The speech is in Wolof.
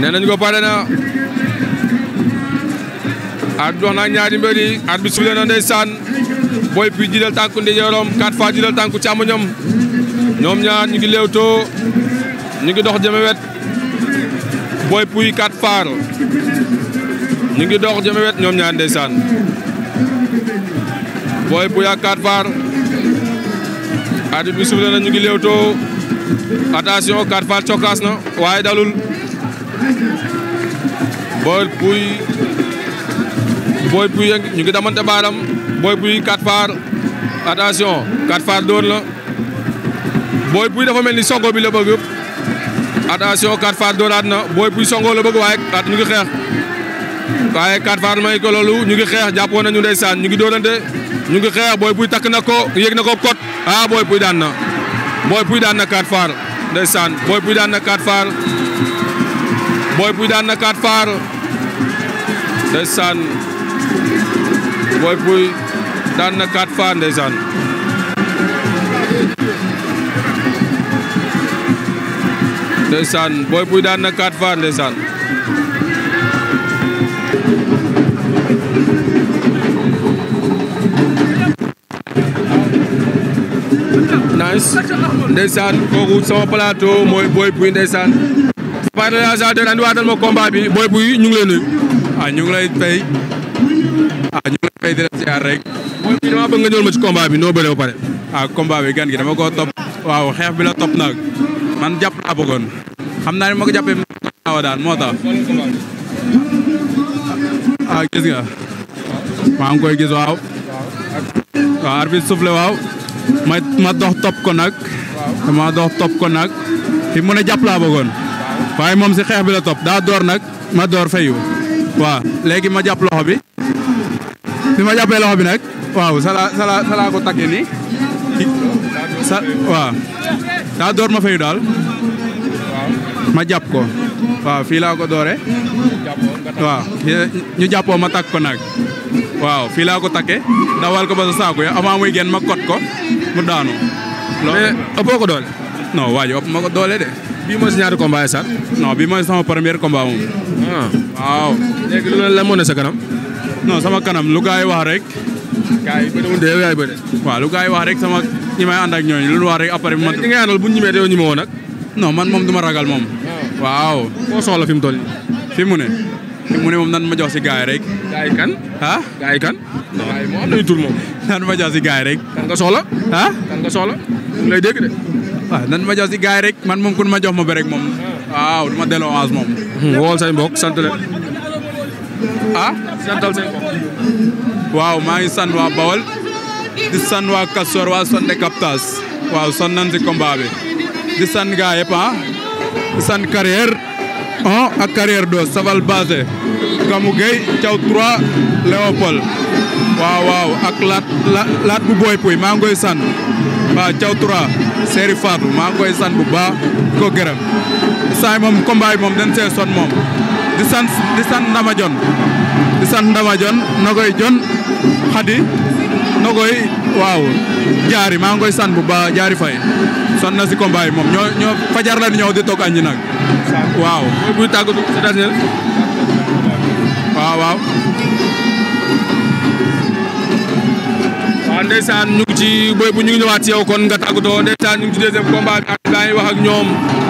nee nañ ko pare na at dox na ñaari mbër yi at bi sufle na ndeysaan Boy Pi jiital tànku ndeyjooram quatre fois jiital tànku càmmoñam ñoom ñaar ñu ngi léewtoo ñu ngi dox jëme wet Boy Pi ñu ngi dox jëme wet ñoom ñaar ndeysaan Boy Pi ak quatre fois at bi sufle na ñu ngi léewtoo attention quatre fois na waaye dalul Boy Pouy Boy Pouy ñu ngi damante baaram Boy Pouy quatre far attention quatre far dóor la Boy Pouy dafa mel ni songo bi la bëgg yëpp attention quatre far dóoraat na Boy Pouy songo la bëgg waaye at ñu ngi xeex waaye quatre far may ko loolu ñu ngi xeex jàppoon nañu ndeysaan ñu ngi dóorante ñu ngi xeex Boy Pouy takk na ko yéeg na ko kot ah Boy Pouy daan na Boy Pouy daan na quatre far ndeysaan Boy Pouy daan na quatre far Boy Pouye daan na Kat Faar ndeysaan Boy Pouye daan na Kat Faar ndeysaan ndeysaan Boy Pouye daan na Kat Faar ndeysaan nice ndeysaan kooku sama plateau mooy Boy Pouye ndeysaan Paa de ma combat booy buy ñu ngi lay nuyu. ah ñu ngi lay fay ah ñu la siyaar rek. buy dama bëgg nga ñëwal ma ci combat bi noo bëree ba pare. ah combat gan gi dama koo topp. waaw xeex bi la nag man jàpp naa bëggoon xam naa ne ma ko jàppee naawa daan ah, ngi koy gis waaw. ma ma dox topp ko nag. ma dox topp ko nag. fi mu ne jàpp laa bëggoon. waaye moom si xeex bi la topp daa door nag ma door fayu waaw léegi ma jàpp loxo bi bi ma jàppee loxo bi nag waaw sala sala ko takkee nii sa waaw ma fayu daal ma jàpp ko waaw fii laa ko doore waaw ñu jàppoo ma takk ko nag waaw fii laa ko takke dawal ko ba sa saako ya avant muy génn ma kot ko mu daanu. loolu ëppoo ko doole. non waaye ëpp ma ko doole de. bii mooy si ñaaru combat yi non bii mooy sama premier combat wu ah. waaw léegi lu la mo ne sa kanam. non sama kanam lu gars wax rek. gars yi bëriwul de yow yaay de wa lu gars wax rek sama ñi may and ak ñoo lu wax rek après man. li nga àndal bu ñimé ñimee yow ñime nak non man mom duma ragal mom ah. waaw ko solo fim mu fi mu ne. fi mu ne mom nan ma jox ci gars rek. gars kan. ha gars kan. non mo am nañu tour mom nan ma jox ci gars rek. kan nga solo ha kan nga solo ñu lay dégg de ah, nan ma jox si gars yi rek man moom kun ma jox ma ba rek moom waaw du ma delloo avance moom. Hmm, wool say mbokk sant leen. ah santal say mbokk. waaw maa ngi sant waa Bawol di sant waa Kastoor waa Sonde Kaptas waaw son nan si combat di sant gars yëpp ah. sant carrière un ah, ak carrière deux Saval Basé Gamou Gueye Thiaw 3 Léopold. waaw waaw ak laat laat bu booy puy maa ngi koy sant waaw Thiaw seeri Seri Fatou maa ngi koy sant bu baax ko gërëm saay moom combat moom den see son moom di sant di sant Ndama Jon di sant Ndama Jon Nogoy Jon Xadi Nogoy waaw jaari maa ngi koy sant bu ba jaari fay son na si combat moom ñoo fajar la ñëw di toog aññi nag waaw buy tàggatu waaw waaw ndeysaan ñu ngi ci bu ñu ngi ñëwaat ci yow kon nga tàggatoo ndeysaan ñu ngi ci deuxième combat bi ak gaa ngi wax ñoom